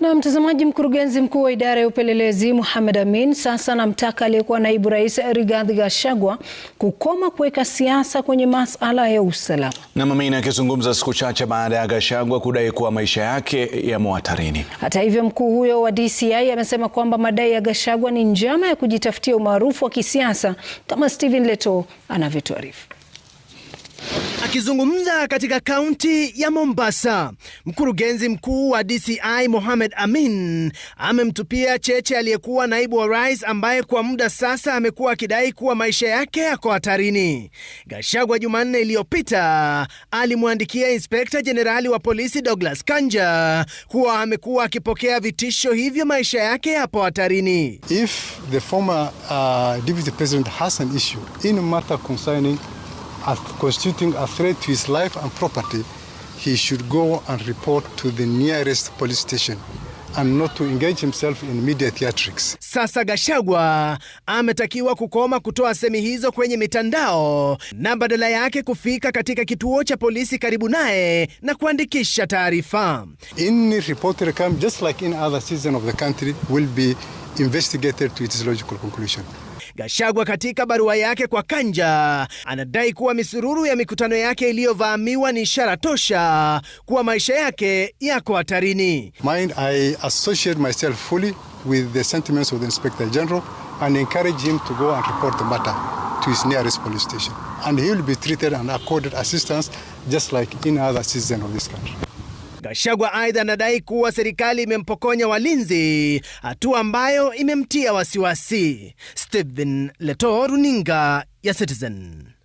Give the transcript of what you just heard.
Na mtazamaji, mkurugenzi mkuu wa idara ya upelelezi Mohamed Amin sasa anamtaka aliyekuwa naibu rais Rigathi Gachagua kukoma kuweka siasa kwenye masuala ya usalama. Naam, Amin akizungumza siku chache baada ya Gachagua kudai kuwa maisha yake yamo hatarini. Hata hivyo, mkuu huyo wa DCI amesema kwamba madai ya Gachagua ni njama ya kujitafutia umaarufu wa kisiasa, kama Stephen Leto anavyotuarifu. Akizungumza katika kaunti ya Mombasa, mkurugenzi mkuu wa DCI Mohamed Amin amemtupia cheche aliyekuwa naibu wa rais ambaye kwa muda sasa amekuwa akidai kuwa maisha yake yako hatarini. Gachagua Jumanne iliyopita alimwandikia inspekta jenerali wa polisi Douglas Kanja kuwa amekuwa akipokea vitisho hivyo, maisha yake yapo hatarini. If the former, uh, deputy president has an issue in matter concerning constituting a threat to his life and property, he should go and report to the nearest police station. And not to engage himself in media theatrics. Sasa Gashagwa ametakiwa kukoma kutoa semi hizo kwenye mitandao na badala yake kufika katika kituo cha polisi karibu naye na kuandikisha taarifa. Any report just like in other season of the country will be investigated to its logical conclusion. Gachagua katika barua yake kwa Kanja anadai kuwa misururu ya mikutano yake iliyovamiwa ni ishara tosha kuwa maisha yake yako hatarini. Mind, I associate myself fully with the sentiments of the Inspector General and encourage him to go and report the matter to his nearest police station and he will be treated and accorded assistance just like any other citizen of this country. Gachagua aidha anadai kuwa serikali imempokonya walinzi, hatua ambayo imemtia wasiwasi. Stephen Leto, runinga ya Citizen.